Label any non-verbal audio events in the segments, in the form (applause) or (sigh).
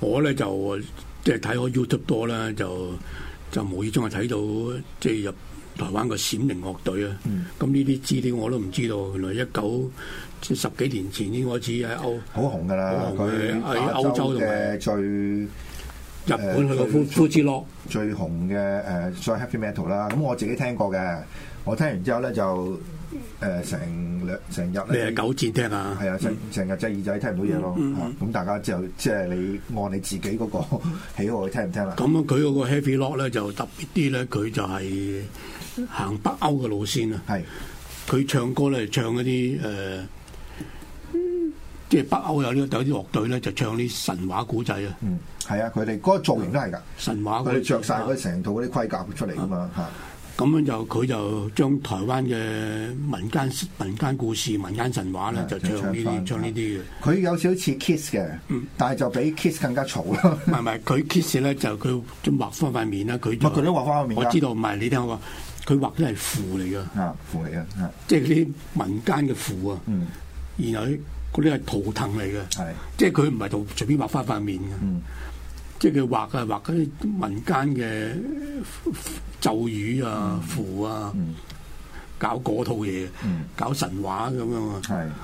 我呢就即係睇開 YouTube 多啦，就就，就無意中係睇到即係入台灣個閃靈樂隊啊，咁呢啲資料我都唔知道，原來一九即十幾年前已經開始喺歐好紅㗎啦，喺歐洲同埋最，最有日本去到富富士樂最，最紅嘅誒，再 heavy metal 啦，咁我自己聽過嘅，我聽完之後呢就。誒，成兩成日咧，你係狗耳聽啊？係啊，成、嗯、日即耳仔聽唔到嘢咯。咁大家就即係你按你自己嗰個喜好去聽唔聽啦、啊。咁佢嗰個 Heavy Rock 咧就特別啲咧，佢就係行北歐嘅路線啊。係佢是唱歌咧，唱嗰啲誒，即係北歐有呢有啲樂隊咧，就唱啲、呃就是呃、神話古仔啊。嗯，係啊，佢哋嗰個造型都係噶神，神話，佢哋着晒嗰成套嗰啲盔甲出嚟噶嘛吓。 (noise) 咁樣就佢就將台灣嘅民間民間故事、民間神話啦，就唱呢啲唱呢啲嘅。佢、嗯、有少少似 Kiss 嘅，但係就比 Kiss 更加嘈咯。唔係唔係，佢 Kiss 咧就佢畫翻塊面啦，佢。畫佢都畫翻塊面。面我知道，唔係你聽我話，佢畫都係符嚟㗎、啊。啊，符嚟㗎。即係啲民間嘅符啊。嗯、然後啲嗰啲係圖騰嚟嘅，係、嗯。即係佢唔係隨隨便畫翻塊面㗎。嗯。即係佢畫啊，畫嗰啲民間嘅咒語啊符啊，嗯、搞嗰套嘢，嗯、搞神話咁樣啊。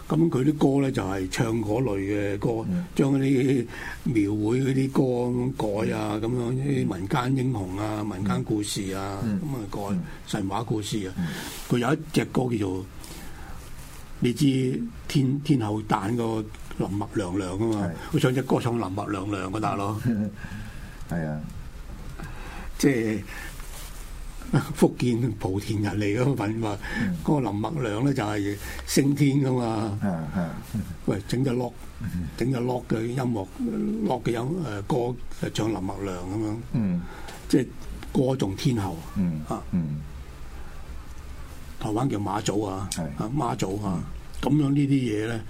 咁佢啲歌咧就係唱嗰類嘅歌，將啲、嗯、描繪嗰啲歌改啊，咁樣啲、嗯、民間英雄啊、嗯、民間故事啊，咁啊、嗯、改神話故事啊。佢有一隻歌叫做你知天天，天后蛋、那個。林默娘娘啊嘛，佢想隻歌唱林默娘娘咁得咯，係啊， (laughs) 是的 即係福建莆田人嚟咁問話，嗰、嗯、個林默娘咧就係升天噶嘛，啊啊，喂，整隻樂，整隻樂嘅音樂樂嘅音誒歌唱林默娘咁樣，嗯，即係歌頌天后，嗯啊，嗯，台灣叫馬祖啊，係、嗯嗯、啊媽祖啊，咁樣這呢啲嘢咧。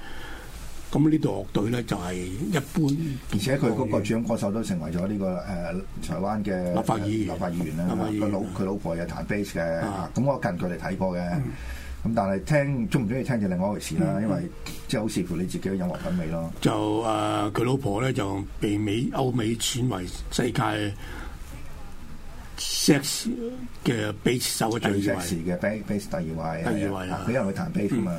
咁呢度樂隊咧就係、是、一般，而且佢嗰個主音歌手都成為咗呢、這個誒、呃、台灣嘅立法議員立法議員啦、啊，佢、啊、老佢老婆有彈 bass 嘅，咁、啊、我近距離睇過嘅，咁、嗯、但係聽鍾唔鍾意聽就另外一回事啦，嗯嗯、因為即係、就是、好視乎你自己嘅音樂品味咯、啊。就誒佢、呃、老婆咧就被美歐美選為世界。爵士嘅 base 手嘅最爵士嘅 base 第二位，第二位啊，俾人去彈 base 啊嘛。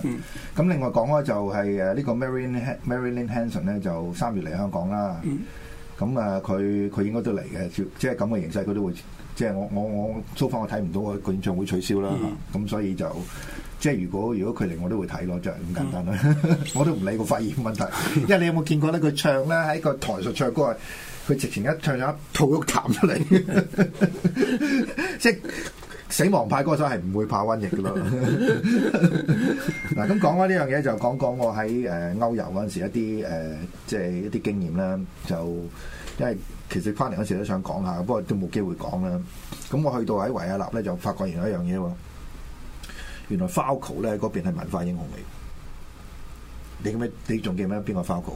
咁另外講開就係誒呢個 Marilyn Marilyn Manson 咧，就三月嚟香港啦。咁啊，佢佢應該都嚟嘅，即係咁嘅形勢，佢都會即係我我我 show 翻，我睇唔到我演唱會取消啦。咁所以就即係如果如果佢嚟，我都會睇咯，就係咁簡單啦。我都唔理個肺炎問題，因為你有冇見過呢？佢唱咧喺個台上唱歌。佢直情一唱咗一套肉痰出嚟， (laughs) 即係死亡派歌手係唔會怕瘟疫噶咯。嗱，咁講開呢樣嘢就講講我喺誒歐遊嗰陣時一啲誒、呃，即係一啲經驗啦。就因為其實翻嚟嗰陣時都想講下，不過都冇機會講啦。咁我去到喺維也納咧，就發覺原來一樣嘢喎，原來 Falco 咧嗰邊係文化英雄嚟。你咁樣，你仲記唔記得邊個 Falco？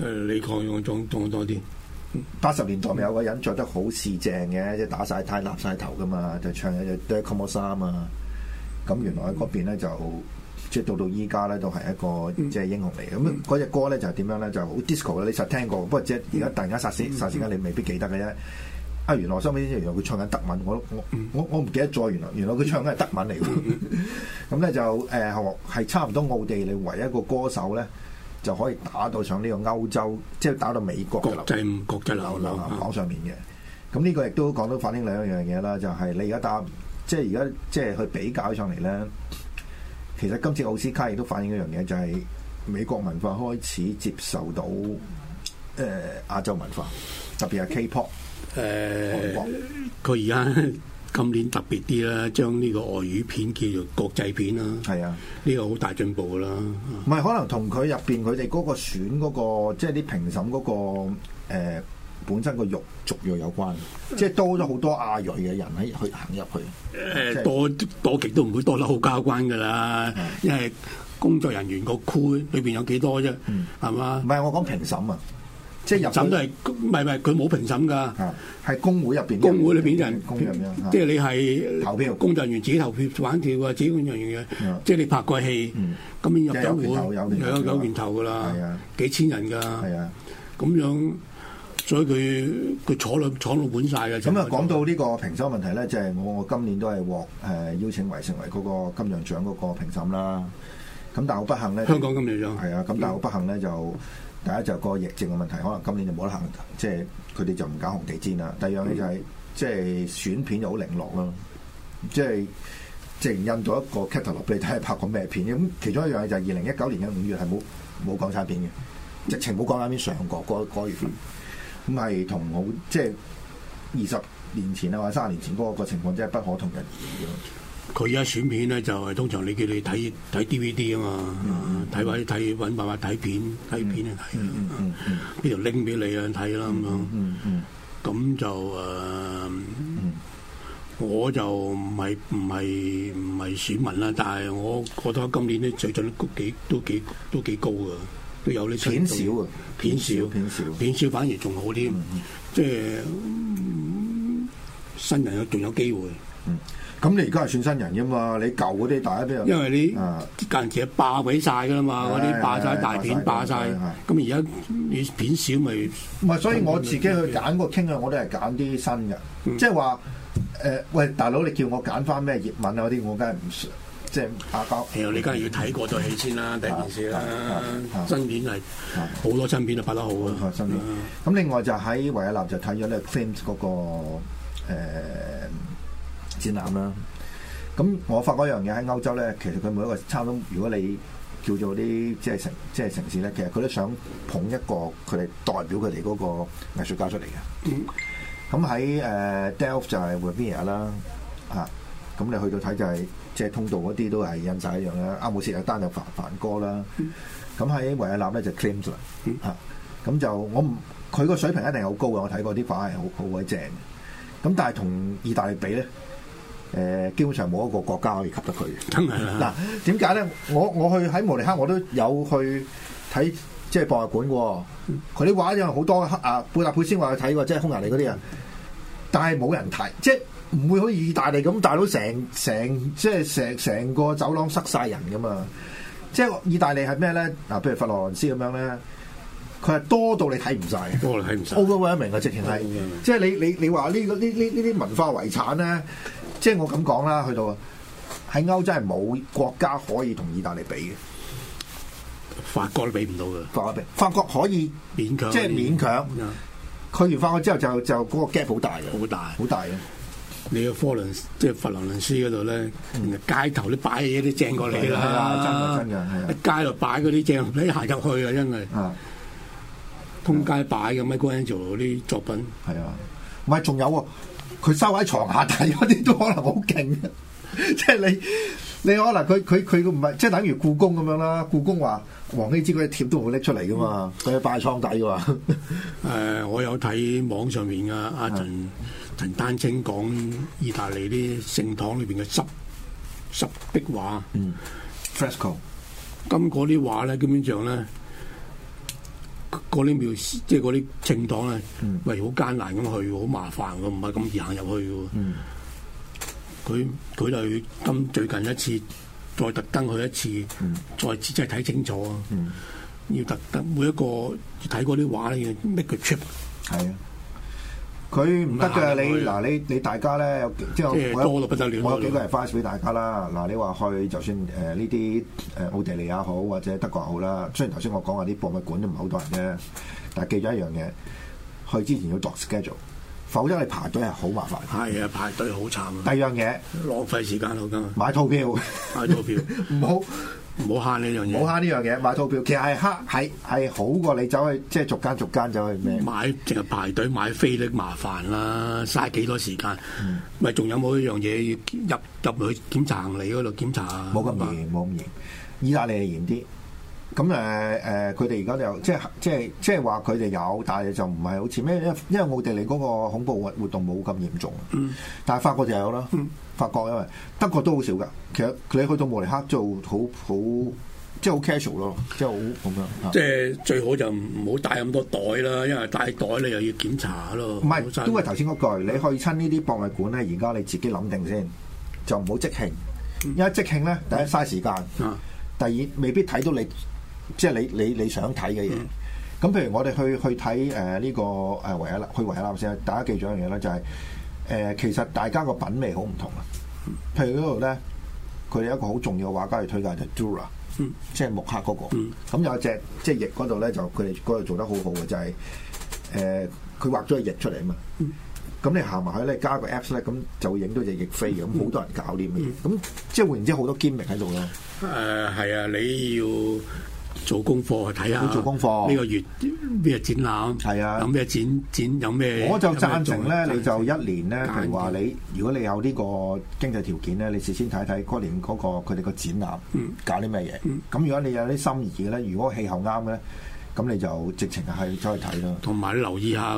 誒，李抗勇仲仲多啲。八十年代咪有個人着得好似正嘅，即係打晒呔笠晒頭噶嘛，就唱又又《Der Kommissar》啊。咁原來嗰邊咧就即係到到依家咧都係一個、嗯、即係英雄嚟。咁嗰隻歌咧就點、是、樣咧就好 disco 啦。你實聽過，不過即係而家突然間殺死霎時間，嗯、殺死殺死你未必記得嘅啫。啊，原來收尾呢樣嘢佢唱緊德文，我我我唔記得咗。原來原來佢唱緊係德文嚟。咁咧、嗯、 (laughs) 就誒，係、呃、差唔多奧地利唯一一個歌手咧。就可以打到上呢個歐洲，即係打到美國國際國際流流行榜上面嘅。咁呢、嗯、個亦都講到反映兩樣嘢啦，就係、是、你而家打，即係而家即係去比較上嚟咧。其實今次奧斯卡亦都反映一樣嘢，就係、是、美國文化開始接受到誒、呃、亞洲文化，特別係 K-pop。誒、呃，韓國，佢而家。現 (laughs) 今年特別啲啦，將呢個外語片叫做國際片啦，係啊，呢個好大進步啦。唔係可能同佢入邊佢哋嗰個選嗰、那個，即係啲評審嗰、那個、呃、本身個肉逐肉有關，嗯、即係多咗好多亞裔嘅人喺去行入去，誒、呃、是多多極都唔會多得好交關噶啦，啊、因為工作人員個 crew 裏邊有幾多啫，係嘛、嗯？唔係吧我講評審啊。即係入審都係，唔係唔係，佢冇評審㗎，係工會入邊，工會裏邊人，即係你係投票工作人員自己投票玩跳啊，自己嗰樣嘢。即係你拍過戲，今年入獎有有年頭㗎啦，幾千人㗎，咁樣，所以佢佢坐坐到滿晒㗎。咁啊，講到呢個評審問題咧，就係我我今年都係獲誒邀請為成為嗰個金像獎嗰個評審啦。咁但係我不幸咧，香港金像獎係啊，咁但係我不幸咧就。第一就個疫症嘅問題，可能今年就冇得行，即係佢哋就唔搞紅地氈啦。第二樣嘢就係、是嗯、即係選片就好零落咯，即係直印到一個 caption 落俾你睇，拍過咩片咁。其中一樣嘢就係二零一九年嘅五月係冇冇港產片嘅，直情冇港產片上過嗰嗰月。咁係同好即係二十年前啊，或者三十年前嗰、那個那個情況真係不可同日而語佢而家選片咧，就係、是、通常你叫你睇睇 DVD 啊嘛，睇揾睇揾辦法睇片睇片啊睇、mm hmm. 啊，邊度拎俾你、mm hmm. 啊睇啦咁樣。咁就誒，我就唔係唔係唔係選民啦、啊，但係我覺得今年啲水準都幾都幾都幾高噶，都有啲片少，少啊，片少，片少，片少，少反而仲好啲，即係、mm hmm. 就是嗯、新人有仲有機會。嗯，咁你而家係算新人噶嘛？你舊嗰啲大家都有。因為你近期霸俾晒噶啦嘛，嗰啲霸晒大片，霸晒，咁而家你片少咪？唔係，所以我自己去揀個傾向，我都係揀啲新嘅，即係話誒，喂，大佬，你叫我揀翻咩葉問嗰啲，我梗係唔即係阿包，你梗係要睇過咗戲先啦，第二件事啦，新片係好多新片都拍得好啊新片。咁另外就喺維也納就睇咗咧，Clint 嗰個誒。展覽啦。咁、啊、我發覺一樣嘢喺歐洲咧，其實佢每一個差唔多。如果你叫做啲即係城即係城市咧，其實佢都想捧一個佢哋代表佢哋嗰個藝術家出嚟嘅。咁喺誒 Delft 就係 Virginia 啦，嚇咁你去到睇就係、是、即係通道嗰啲都係印晒一樣啦。阿姆斯特丹，丹就梵梵高啦，咁喺維也納咧就 Klimt 咁、嗯啊、就我唔佢個水平一定好高嘅。我睇過啲畫係好好鬼正咁，但係同意大利比咧？誒基本上冇一個國家可以吸得佢，真嗱，點解咧？我我去喺慕尼黑，我都有去睇即係博物館喎、哦。佢啲畫又好多啊！布達佩斯話去睇喎，即係匈牙利嗰啲人，但係冇人睇，即係唔會好似意大利咁，大到成成即係成成個走廊塞晒人㗎嘛。即係意大利係咩咧？啊，譬如佛羅倫斯咁樣咧。佢係多到你睇唔晒，多到睇唔晒。Overwhelming 啊，直情係，即係你你你話呢個呢呢呢啲文化遺產咧，即係我咁講啦，去到喺歐洲係冇國家可以同意大利比嘅，法國都比唔到嘅。法法國可以勉強，即係勉強。佢完法國之後就就嗰個 gap 好大嘅，好大好大嘅。你個科倫即係佛羅倫斯嗰度咧，街頭你擺嘢都正過你啦，真嘅真嘅街度擺嗰啲正，你行入去啊，因為啊。通街擺咁咩 Michelangelo 啲作品係啊，唔係仲有喎、啊？佢收喺床下，但係嗰啲都可能好勁嘅。即 (laughs) 係你你可能佢佢佢唔係即係等於故宮咁樣啦。故宮話王羲之嗰啲貼都冇拎出嚟噶嘛，佢要擺喺倉底㗎嘛。誒、 (laughs) 呃，我有睇網上面啊，阿陳陳丹青講意大利啲聖堂裏邊嘅濕濕壁畫，fresco。咁嗰啲畫咧，基本上咧。嗰啲廟，即係嗰啲政黨咧，嗯、喂，好艱難咁去，好麻煩嘅，唔係咁易行入去嘅。佢佢、嗯、就咁最近一次再特登去一次，嗯、再次即係睇清楚啊！嗯、要特登每一個睇嗰啲畫咧，要 make a trip 係啊。佢唔得噶，你嗱、啊、你你大家咧，即係是我，一我有幾個人 flash 俾大家啦。嗱、啊，你話去就算誒呢啲誒奧地利也好，或者德國也好啦。雖然頭先我講話啲博物館都唔係好多人啫，但係記咗一樣嘢，去之前要作 schedule，否則你排隊係好麻煩。係啊，排隊好慘啊！第二樣嘢，浪費時間咯，咁買套票，買套票唔 (laughs) 好。唔好慳呢樣嘢，唔好慳呢樣嘢，買套票，其實係慳係係好過你走去即係逐間逐間走去咩？買淨係排隊買飛，呢麻煩啦，嘥幾多時間。咪仲、嗯、有冇一樣嘢要入入去檢查行李嗰度檢查，冇咁嚴，冇咁嚴，意大利係嚴啲。咁誒誒，佢哋而家就即係即係即係話佢哋有，但係就唔係好似咩？因為因為我哋嚟嗰個恐怖活活動冇咁嚴重，嗯、但係法國就有啦，法國因為德國都好少㗎。其實你去到慕尼黑做好好，即係好 casual 咯，嗯、即係好咁樣。即係最好就唔好帶咁多袋啦，因為帶袋你又要檢查咯。唔係，都係頭先嗰句，你去親呢啲博物館咧，而家你自己諗定先，就唔好即興，因為即興咧，第一嘥時間，第二未必睇到你。即係你你你想睇嘅嘢，咁譬如我哋去去睇誒呢個誒維也納去維也納先，大家記住一樣嘢咧，就係誒其實大家個品味好唔同啊。譬如嗰度咧，佢哋一個好重要嘅畫家去推介就 Dora，即係木刻嗰個。咁有一隻即係翼嗰度咧，就佢哋嗰度做得好好嘅，就係誒佢畫咗隻翼出嚟啊嘛。咁你行埋去咧，加個 Apps 咧，咁就會影到隻翼飛咁，好多人搞呢啲嘢，咁即係換言之，好多堅明喺度咯？誒係啊，你要。做功課睇下，做功課呢個月咩展覽？係啊，有咩展展？有咩？我就贊同咧，你就一年咧，成譬如話你，如果你有呢個經濟條件咧，你事先睇睇嗰年嗰個佢哋個展覽，搞啲咩嘢？咁、嗯嗯、如果你有啲心儀嘅咧，如果氣候啱嘅咧，咁你就直情去走去睇咯。同埋你留意下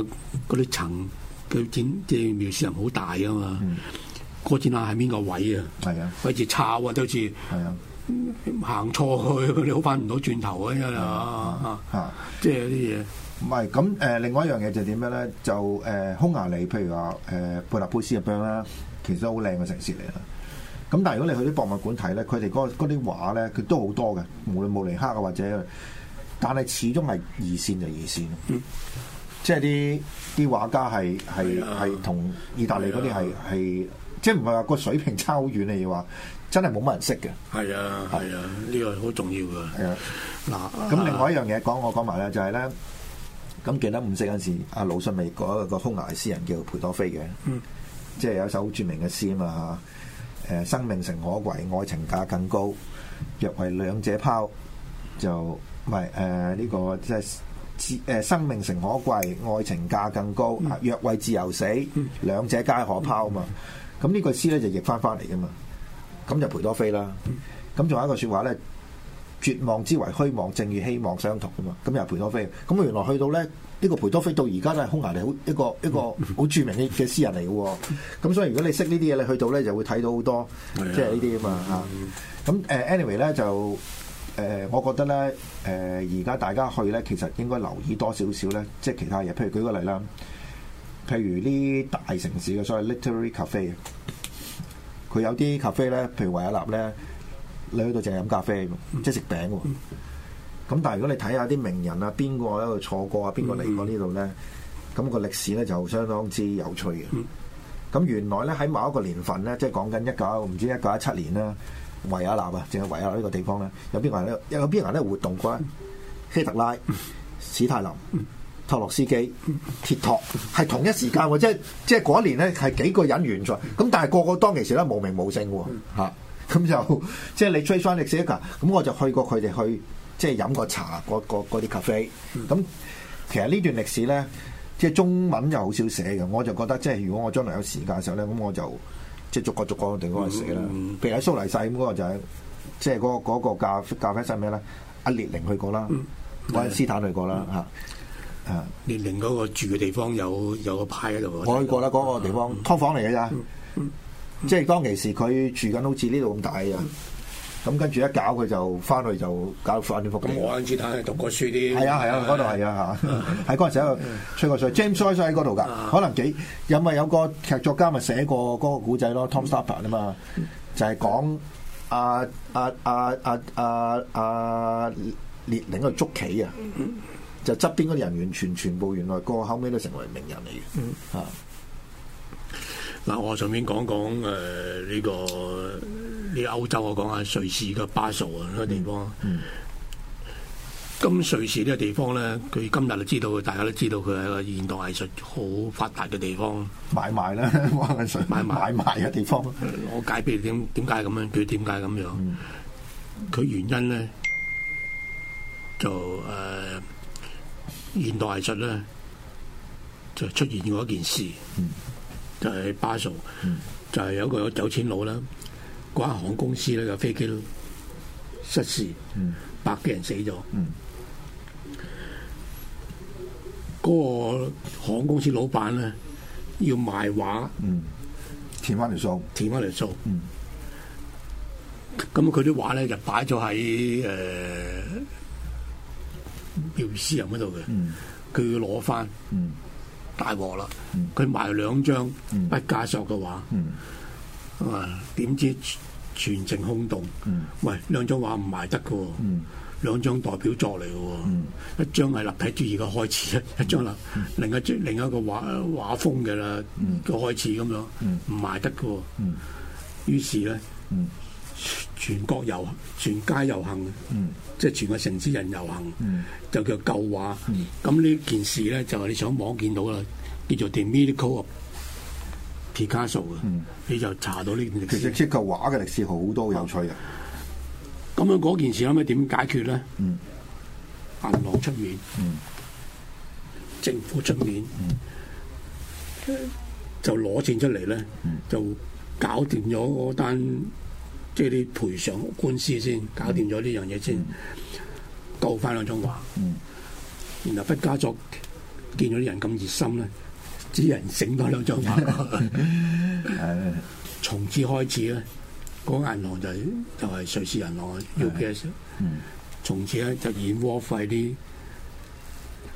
嗰啲層佢展，即係描述人好大啊嘛。嗰、那個、展覽喺邊個位啊？係啊，好似炒啊，都好似係啊。行錯去，你好返唔到轉頭啊！即係啲嘢唔係咁誒，啊啊啊、另外一樣嘢就點樣咧？就誒，匈牙利譬如話誒，eh, 布達佩斯入邊啦，啊、其實都好靚嘅城市嚟啦。咁但係如果你去啲博物館睇咧，佢哋嗰個啲畫咧，佢都好多嘅，無論慕尼黑啊或者，但係始終係二線就二線，即係啲啲畫家係係係同意大利嗰啲係係，即係唔係話個水平差好遠你要話。真係冇乜人識嘅，係啊，係啊，呢、這個好重要噶。係啊，嗱，咁另外一樣嘢講，講我講埋啦，就係、是、咧，咁記得五四嗰陣時，阿魯迅美嗰個個匈牙利詩人叫裴多菲嘅，即係、嗯、有一首好著名嘅詩啊嘛，吓，誒，生命誠可貴，愛情價更高，若為兩者拋，就唔係誒呢個即係誒生命誠可貴，愛情價更高，若為自由死，兩、嗯、者皆可拋啊嘛。咁呢句詩咧就譯翻翻嚟噶嘛。咁就裴多菲啦，咁、嗯、仲有一個説話咧，絕望之為虛妄，正與希望相同噶嘛，咁又裴多菲。咁原來去到咧，呢、這個裴多菲到而家都係匈牙利好一個一個好著名嘅嘅詩人嚟嘅喎。咁所以如果你識呢啲嘢，你去到咧就會睇到好多，即係呢啲啊嘛嚇。咁誒，anyway 咧就誒、呃，我覺得咧誒，而、呃、家大家去咧，其實應該留意多少少咧，即、就、係、是、其他嘢。譬如舉個例啦，譬如呢大城市嘅所謂 literary cafe。佢有啲咖啡咧，譬如維也納咧，你去到淨係飲咖啡，嗯、即係食餅喎。咁、嗯、但係如果你睇下啲名人啊，邊個喺度坐過啊？邊個嚟過呢度咧？咁、嗯、個歷史咧就相當之有趣嘅。咁、嗯、原來咧喺某一個年份咧，即係講緊一九唔知一九一七年啦，維也納啊，淨係維也納呢個地方咧，有邊個人喺度？有邊個喺度活動過？希、嗯、特拉、嗯、史泰林。嗯托洛斯基、鐵托係同一時間喎，即係即係嗰一年咧係幾個人完咗，咁但係個個當其時咧無名無姓喎，嚇咁就即係你追返歷史一，咁我就去過佢哋去即係飲過茶嗰啲咖啡，咁、嗯、其實呢段歷史咧即係中文又好少寫嘅，我就覺得即係如果我將來有時間嘅時候咧，咁我就即係逐個逐個地方去寫啦。譬、嗯、如喺蘇黎世咁嗰個就係、是、即係嗰、那個嗰、那個咖啡室咩咧？阿列寧去過啦，愛因斯坦去過啦，嚇。列寧嗰個住嘅地方有有個派喺度，我去過啦嗰個地方，劏、嗯、房嚟嘅咋，即係、嗯嗯、當其時佢住緊好似呢度咁大啊，咁跟住一搞佢就翻去就搞翻啲福我啱先睇係讀過書啲，係啊係啊，嗰度係啊吓，喺嗰陣時喺度吹過水，James Joyce 喺嗰度噶，可能幾有咪有個劇作家咪寫過嗰個古仔咯，Tom Stoppard 啊嘛，就係講阿阿阿阿阿阿列寧去捉棋啊。就側邊嗰啲人完全全部原來個後尾都成為名人嚟嘅，吓、嗯。嗱、啊啊，我順便講講誒呢個呢歐、這個、洲我講下瑞士嘅巴塞啊，呢個地方。咁、嗯嗯、瑞士呢個地方咧，佢今日就知道，大家都知道佢係個現代藝術好發達嘅地方，買賣啦，話係誰買賣嘅地方。嗯嗯、我解俾你點點解咁樣，佢點解咁樣？佢、嗯、原因咧，就誒。呃呃現代藝術咧就出現過一件事，就係巴蘇，就係有一個有錢佬啦，航空公司咧個飛機咯，失事，百幾人死咗，嗰個航空公司老闆咧要賣畫，填翻條數，填翻條數，咁佢啲畫咧就擺咗喺誒。叫私人嗰度嘅，佢要攞返大鑊啦！佢賣兩張畢加索嘅畫，點、嗯嗯啊、知全程空洞？嗯、喂，兩張畫唔賣得嘅，兩張、嗯、代表作嚟嘅，嗯、一張係立體主義嘅開始，嗯、一張啦，另一個另一個畫畫風嘅啦嘅開始咁樣，唔賣得嘅。於、嗯、是咧。嗯全國遊行、全街遊行，嗯，即係全個城市人遊行，嗯、就叫舊畫，嗯，咁呢件事咧就係、是、你上網見到啦，叫做 Demerico Picasso 啊、嗯，你就查到呢件歷史，其實即係呢舊畫嘅歷史好多、嗯、有趣嘅，咁樣嗰件事可唔可以點解決咧？嗯，銀、嗯、行出面，政府出面，就攞錢出嚟咧，就搞掂咗嗰單。即係啲賠償官司先搞掂咗呢樣嘢，先救翻兩張畫，然後畢加索見到啲人咁熱心咧，啲人醒翻兩張畫。從此開始咧，嗰個銀行就就係瑞士銀行嘅。UPS 從此咧就 involve 咗啲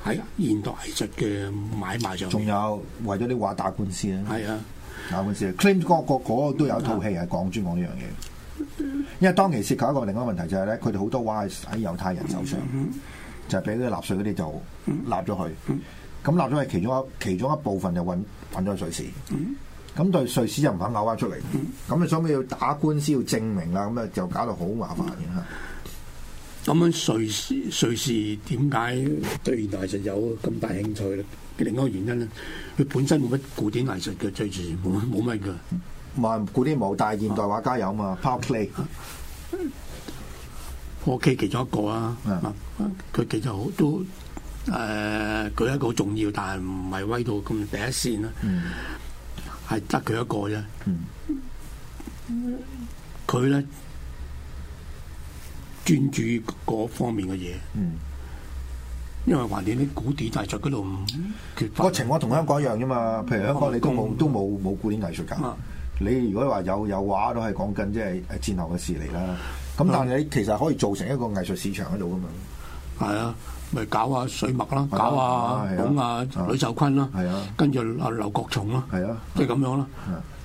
喺現代藝術嘅買賣上，仲有為咗啲畫打官司啊，打官司，司 claim 嗰個各個都有一套戲係講專講呢樣嘢。因為當其涉及一個另一個問題就係咧，佢哋好多 y 喺猶太人手上，嗯嗯、就係俾啲納粹嗰啲就納咗佢，咁納咗佢其中一其中一部分就運運咗瑞士，咁、嗯、對瑞士又唔肯嘔翻出嚟，咁啊、嗯、所以要打官司要證明啦，咁啊就搞到好麻煩嘅。咁樣、嗯嗯、瑞士瑞士點解對現代藝術有咁大興趣咧？另外一個原因咧，佢本身冇乜古典藝術嘅，最住冇冇乜噶。埋古典舞，但係現代畫家有嘛？Pop，play，我屋企、okay, 其中一個啊。佢 Yeah.、啊、其實好都佢舉、呃、一個好重要，但係唔係威到咁第一線啊，係得佢一個啫。佢咧、mm. 專注嗰方面嘅嘢。Mm. 因為橫掂啲古典藝術嗰度，個情況同香港一樣啫嘛。譬如香港你，你根本都冇冇古典藝術噶。你如果有有話有有畫，都係講緊即係戰後嘅事嚟啦。咁但係你其實可以做成一個藝術市場喺度噶嘛？係啊，咪搞下、啊、水墨啦，搞下、啊啊啊、講啊，呂秀坤啦，啊、跟住啊劉國松啦，即係咁樣啦。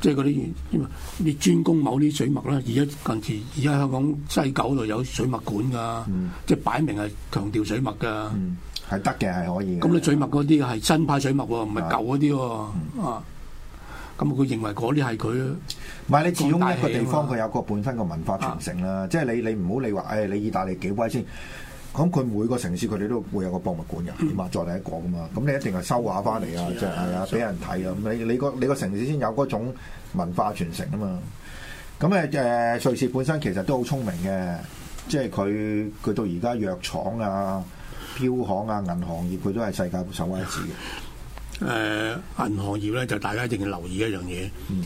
即係嗰啲啲專攻某啲水墨啦。而家近時，而家香港西九度有水墨館噶，嗯、即係擺明係強調水墨噶，係得嘅，係可以嘅。咁你水墨嗰啲係新派水墨喎，唔係舊嗰啲喎啊！咁佢認為嗰啲係佢，唔係你始終一個地方佢有個本身嘅文化傳承啦。啊、即係你你唔好你話誒你意大利幾威先？咁佢每個城市佢哋都會有個博物館嘅。咁啊、嗯、再嚟一個噶嘛。咁你一定係收畫翻嚟啊，即係係啊俾人睇啊。咁你你個你個城市先有嗰種文化傳承啊嘛。咁誒誒，瑞士本身其實都好聰明嘅，即係佢佢到而家藥廠啊、錶行啊、銀行業佢都係世界首屈一指嘅。誒、呃、銀行業咧，就大家一定要留意一樣嘢。嗯、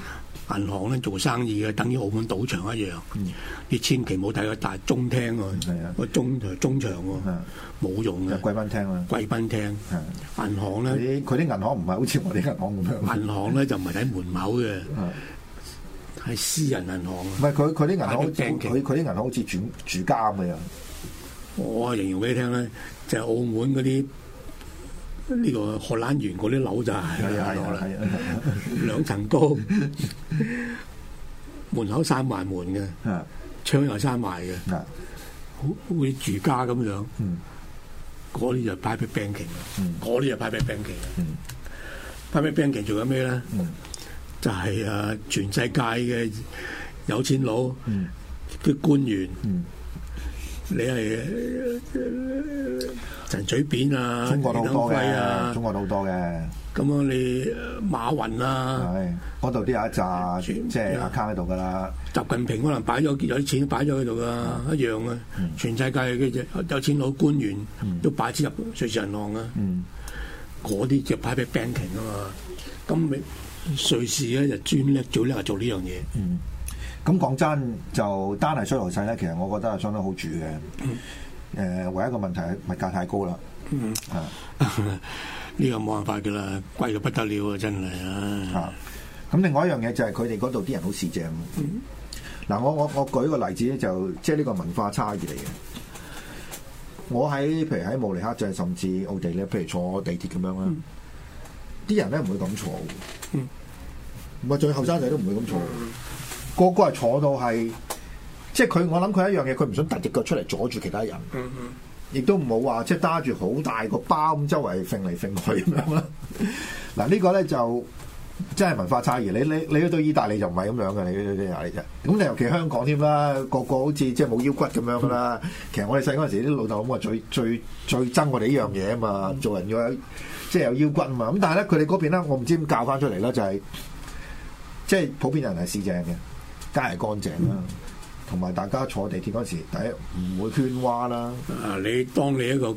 銀行咧做生意嘅，等於澳門賭場一樣。嗯、你千祈冇睇佢大中廳啊，個 (noise) 中中場喎、啊，冇的用嘅。貴賓廳啊，貴賓廳、啊。銀行咧，佢啲佢銀行唔係好似我哋銀行咁樣。銀行咧就唔係喺門口嘅，係私人銀行。唔係佢佢啲銀行，佢佢啲銀行好似住住監嘅樣。 (music) 我形容俾你聽咧，就係、是、澳門嗰啲。就是呢個荷蘭園嗰啲樓就係、是、啦，兩層 (laughs) (laughs) 高，門口閂埋門嘅，Yeah. 窗又閂埋嘅，Yeah. 好好似住家咁樣。嗰啲、mm hmm. 就派俾 banking 嗰啲就派俾 banking 啦。派俾 banking 做緊咩咧？就係啊，全世界嘅有錢佬，啲官員，mm hmm. 你係。人嘴扁啊，中國都好多嘅、啊，啊、中國都好多嘅。咁啊，你馬雲啊，嗰度啲有一紮，即係卡喺度噶啦。習近平可能擺咗有啲錢擺咗喺度噶，一樣啊。嗯、全世界嘅有，有錢佬官員都擺錢入瑞士銀行啊。嗰啲、嗯、就擺俾 banking 啊嘛。咁瑞士咧就專叻最呢，係做呢樣嘢。咁講真就單係收流勢咧，其實我覺得係相當好處嘅。嗯誒唯一一個問題係物價太高啦，嗯、啊呢個冇辦法噶啦，貴到不得了啊！真係啊，咁另外一樣嘢就係佢哋嗰度啲人好市井。嗱、嗯啊，我我我舉個例子咧、就係，就即係呢個文化差異嚟嘅。我喺譬如喺慕尼黑就係甚至奧地利，譬如坐地鐵咁樣啦，啲、嗯、人咧唔會咁坐嘅，唔係、嗯、最後生仔都唔會咁坐，個個係坐到係。即係佢，我諗佢一樣嘢，佢唔想突隻腳出嚟阻住其他人，亦、mm hmm. 都唔好話即係揸住好大個包拼拼、 (laughs) 這個包咁周圍揈嚟揈去咁樣啦。嗱呢個咧就真係文化差異。你你你去到意大利就唔係咁樣嘅，你，你對意大利咁。尤其香港添啦，個個好似即係冇腰骨咁樣噶啦。Mm hmm. 其實我哋細嗰陣時啲老豆咁啊，最最最憎我哋呢樣嘢啊嘛，做人要有即係有腰骨啊嘛。咁但係咧，佢哋嗰邊咧，我唔知點教翻出嚟啦，就係、是、即係普遍人係市正嘅，街係乾淨啦。Hmm. 同埋大家坐地鐵嗰時，第一唔會喧嘩啦。啊，你當你一個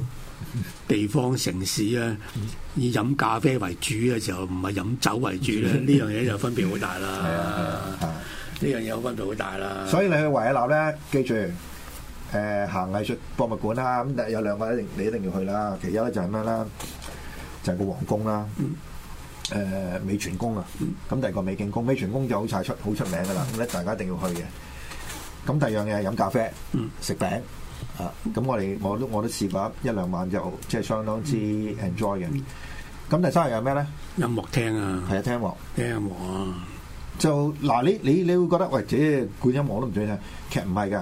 地方城市啊， (laughs) 以飲咖啡為主嘅時候，唔係飲酒為主呢 (laughs) 樣嘢就分別好大啦。呢、啊啊、樣嘢好分別好大啦。所以你去維也納咧，記住，誒、呃、行藝術博物館啦，咁、嗯、有兩個一定你一定要去啦。其一咧就係咩啦？就係個皇宮啦，誒、嗯呃、美泉宮啊。咁、嗯、第二個美景宮，美泉宮就好曬出好出名噶啦，咁咧、嗯、大家一定要去嘅。咁第二樣嘢飲咖啡，食餅、嗯、啊！咁、嗯、我哋我都我都試過一兩晚就即係、就是、相當之 enjoy 嘅。咁、嗯嗯、第三樣又咩咧？音樂聽啊，係啊，聽音樂，聽音樂啊！就嗱，你你你會覺得喂，者管音樂我都唔中意聽，其實唔係㗎，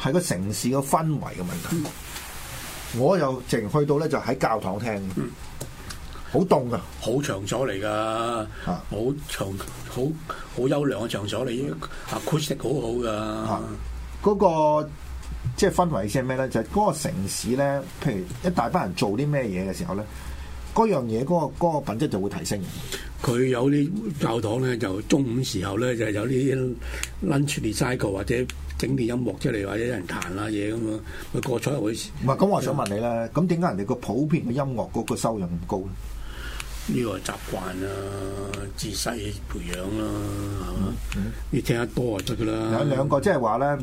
係個城市個氛圍嘅問題。嗯、我又淨去到咧就喺教堂聽。嗯嗯好凍噶，好場所嚟噶，好長，好好優良嘅場所嚟，啊，acoustic 好好噶，嗰、啊那個即係氛圍先係咩咧？就係、是、嗰、就是、個城市咧，譬如一大班人做啲咩嘢嘅時候咧，嗰樣嘢嗰、那個那個品質就會提升。佢有啲教堂咧，就中午時候咧，就是、有啲 lunch recycle 或者整啲音樂出嚟，或者有人彈啊嘢咁樣，佢過咗一會唔係，咁、啊、我想問你咧，咁點解人哋個普遍嘅音樂嗰個收入唔高咧？呢個習慣啊，自細培養啦、啊，係嘛？嗯嗯、你聽得多就得噶啦。有兩個即係話咧，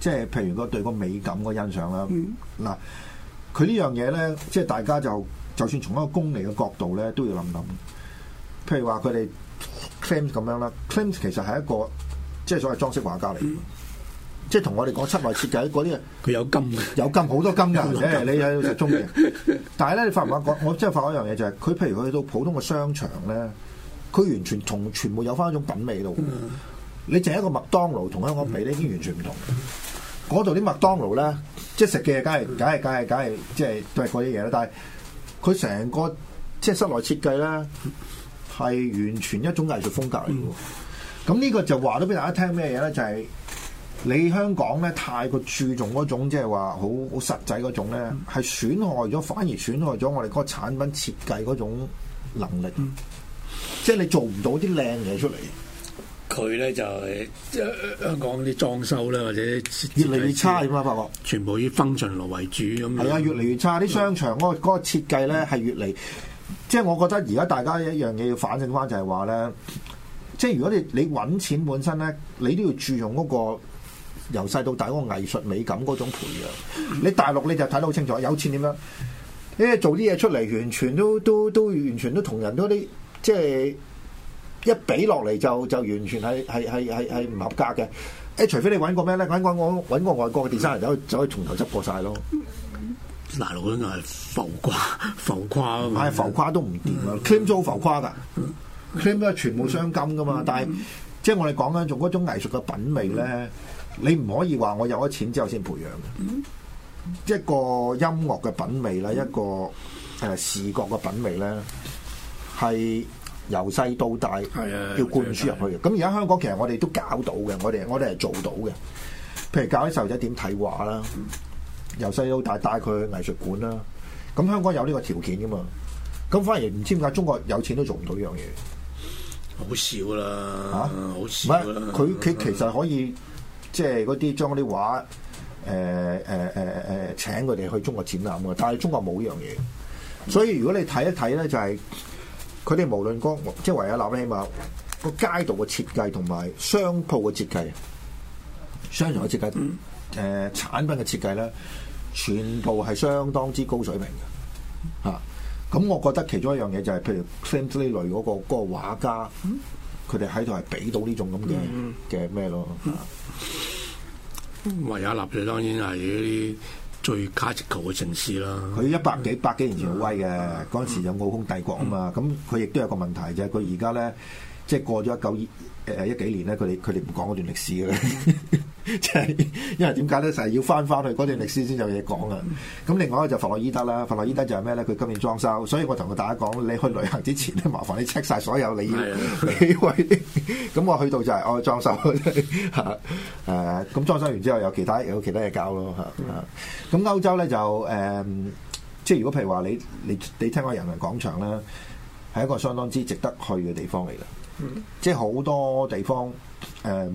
即、就、係、是、譬如個對個美感欣賞，嗯、個欣賞啦。嗱，佢呢樣嘢咧，即係大家就就算從一個功利嘅角度咧，都要諗諗。譬如話佢哋 Klimt 咁樣啦，Klimt 其實係一個即係、就是、所謂裝飾畫家嚟即係同我哋講室內設計嗰啲啊，佢有金嘅， (laughs) 有金好多金嘅，金你喺度食中嘅， (laughs) 但係咧，你發唔發覺？我我真係發覺一樣嘢就係、是，佢譬如佢去到普通嘅商場咧，佢完全同全部有翻一種品味度。嗯、你淨係一個麥當勞同香港比呢，嗯、已經完全唔同。嗰度啲麥當勞咧，即係食嘅嘢，梗係梗係梗係梗係，即係都係嗰啲嘢啦。但係佢成個即係室內設計咧，係完全一種藝術風格嚟嘅。咁呢個就話咗俾大家聽咩嘢咧？就係、是就是。就是你香港咧，太過注重嗰種即係話好好實際嗰種咧，係損害咗，反而損害咗我哋嗰個產品設計嗰種能力。即係你做唔到啲靚嘢出嚟。佢咧，就係香港啲裝修咧，或者越嚟越差咁樣。發覺全部以分層樓為主咁。係啊，越嚟越差啲商場嗰個嗰個設計咧，係越嚟。即係我覺得而家大家一樣嘢要反省返，就係話咧，即係如果你你搵錢本身咧，你都要注重嗰個。由細到大嗰個藝術美感嗰種培養，你大陸你就睇得好清楚，有錢點樣？誒，做啲嘢出嚟，完全都都都完全都同人都啲，即係一比落嚟就就完全係係係係係唔合格嘅。誒、欸，除非你揾個咩咧，揾個揾個外國嘅 designer 嚟，可就可以從頭執過晒咯。大陸真係浮誇，浮誇，浮誇都唔掂啊 k i m j 浮誇噶，kimjo 全部鑲金噶嘛，但係即係我哋講緊做嗰種藝術嘅品味咧。嗯你唔可以話我有咗錢之後先培養嘅，一個音樂嘅品味咧，一個誒視覺嘅品味咧，係由細到大要灌輸入去嘅。咁而家香港其實我哋都搞到嘅，我哋我哋係做到嘅。譬如教啲細路仔點睇畫啦，由細到大帶佢去藝術館啦。咁香港有呢個條件噶嘛？咁反而唔知點解中國有錢都做唔到呢樣嘢，好少啦，好少。佢佢其實可以。即係嗰啲將啲畫，誒誒誒誒請佢哋去中國展覽嘅，但係中國冇依樣嘢。所以如果你睇一睇咧，就係佢哋無論光即係維也納起碼個街道嘅設計同埋商鋪嘅設計，商場嘅設計，誒、呃、產品嘅設計咧，全部係相當之高水平嘅。嚇、啊！咁我覺得其中一樣嘢就係、是、譬如 Franklin 類嗰、嗰個嗰個畫家，佢哋喺度係俾到呢種咁嘅嘅咩咯？啊、嗯，維也納嘅當然係啲最 capital 嘅城市啦。佢、嗯、一百幾百幾年前好威嘅，嗰陣、嗯、時有奧匈帝國啊嘛。咁佢亦都有個問題，就係佢而家咧。即係過咗一九二一、呃、一幾年咧，佢哋佢哋唔講嗰段歷史嘅，即 (laughs) 係、就是、因為點解咧？就係要翻翻去嗰段歷史先有嘢講啊！咁另外一個就佛洛伊德啦，佛洛伊德就係咩咧？佢今年裝修，所以我同佢大家講，你去旅行之前咧，麻煩你 check 晒所有你要你位。咁 (laughs) (laughs) (laughs) 我去到就係我去裝修嚇誒，咁、 (laughs) 啊、裝修完之後有其他有其他嘢搞咯嚇。咁、啊啊、歐洲咧就誒、嗯，即係如果譬如話你你你，你，你聽我人民廣場咧，係一個相當之值得去嘅地方嚟嘅。即係好多地方誒，而、呃、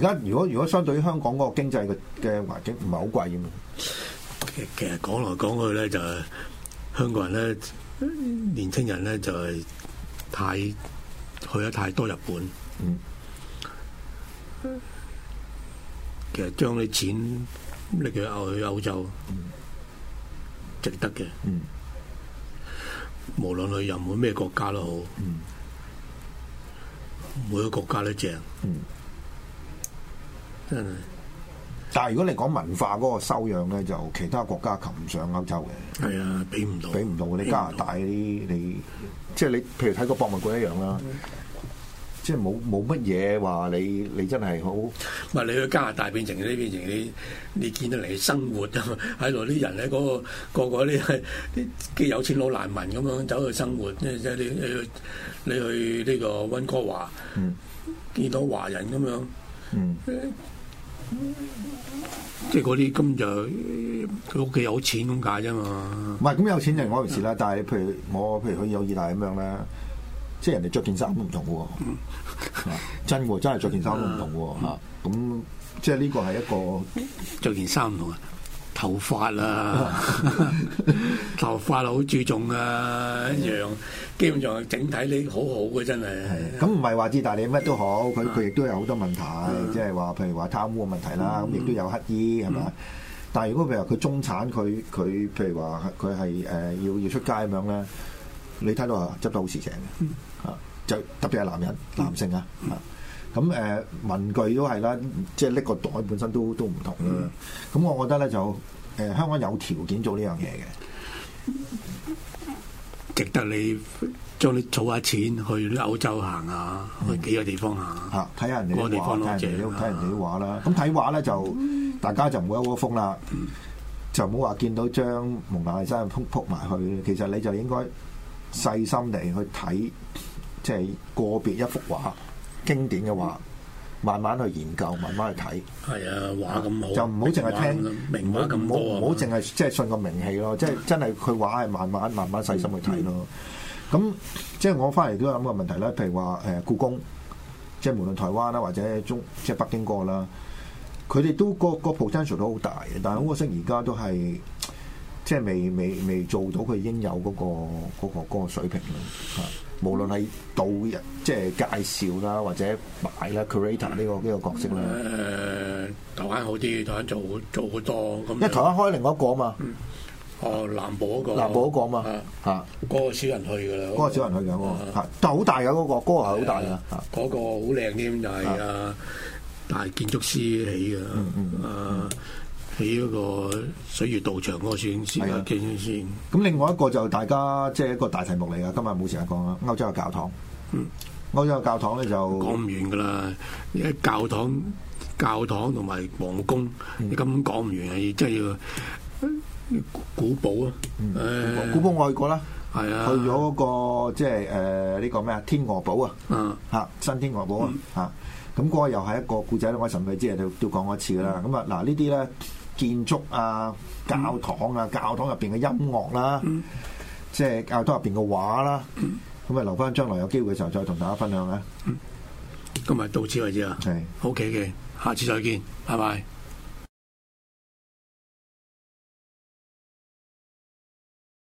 家如果如果相對於香港嗰個經濟嘅嘅環境唔係好貴嘅，其實講嚟講去咧就是、香港人咧，年輕人咧就係、是、太去得太多日本，嗯、其實將啲錢拎去歐去歐洲，嗯、值得嘅，嗯，無論去日本咩國家都好，嗯每個國家都正，嗯，真係是。但係如果你講文化嗰個修養咧，就其他國家及唔上歐洲嘅。係啊、嗯，畀唔到，畀唔到你加拿大啲，你即係你，譬如睇個博物館一樣啦。嗯嗯即係冇冇乜嘢話你你真係好？唔係你去加拿大變成呢？變成你你見到你生活噶嘛？喺度啲人咧，嗰、那個個個啲係啲幾有錢佬難民咁樣走去生活。即係即係你你去你去呢個溫哥華，嗯、見到華人咁樣。嗯、即係嗰啲咁就佢屋企有錢咁解啫嘛。唔係咁有錢就唔係我回事啦。嗯、但係譬如我譬如去有意大利咁樣咧。即係人哋着件衫都唔同嘅，嗯，真嘅，真係着件衫都唔同嘅吓。咁、嗯、即係呢個係一個着件衫唔同啊，頭髮啊，嗯、頭髮啊，嗯、頭髮好、啊、注重啊，一樣是的。基本上整體你好好嘅，真係。咁唔係話意大利、嗯、係你乜都好，佢佢亦都有好多問題，即係話譬如話貪污嘅問題啦，咁亦都有乞兒係咪？但係如果譬如話佢中產，佢佢譬如話佢係誒要要出街咁樣咧。你睇到啊，執到好時情嘅，啊就特別係男人男性啊，咁誒文具都係啦，即係搦個袋本身都都唔同啦。咁我覺得咧就誒香港有條件做呢樣嘢嘅，值得你將你儲下錢去歐洲行啊，去幾個地方下，啊睇下人哋地方，睇人哋啲畫啦。咁睇畫咧就大家就唔會一窩蜂啦，就唔好話見到張蒙娜麗莎撲撲埋去，其實你就應該，細心地去睇，即係個別一幅畫，經典嘅畫，慢慢去研究，慢慢去睇。係啊，畫咁好，就唔好淨係聽名，唔好唔好淨係即係信個名氣咯。即係真係佢畫係慢慢慢慢細心去睇咯。咁、嗯嗯、即係我翻嚟，都有諗個問題咧，譬如話誒故宮，即係無論台灣啦，或者中即係北京個啦，佢哋都個個 potential 都好大嘅，但係好可惜而家都係。即係未未未做到佢應有嗰個嗰水平咯，無論係導人即係介紹啦，或者擺啦，creator 呢個呢個角色咧。誒，台灣好啲，台灣做做好多。因為台灣開另一個啊嘛。哦，南部嗰個。南部嗰個啊嘛。嚇。嗰個少人去㗎啦。嗰個少人去㗎喎。但好大㗎嗰個，嗰個係好大㗎。嗰個好靚添，就係啊！但係建築師起㗎。啊。起嗰個水月道場嗰段時間傾先。咁另外一個就大家即係一個大題目嚟噶，今日冇時間講啦。歐洲嘅教堂，嗯，歐洲嘅教堂咧就講唔完噶啦。誒，教堂、教堂同埋皇宮，你根本講唔完啊！要真係要古堡啊！嗯，古堡我去過啦，係啊，去咗個即係誒呢個咩啊？天鵝堡啊，啊，新天鵝堡啊，嚇！咁嗰個又係一個故仔啦。我上次之前就都講一次啦。咁啊，嗱呢啲咧。建築啊、教堂啊、嗯、教堂入邊嘅音樂啦，即係教堂入邊嘅畫啦，咁啊、嗯、留翻將來有機會嘅時候再同大家分享啊。咁啊，今日到此為止啊。係。O.K. 嘅，下次再見，拜拜。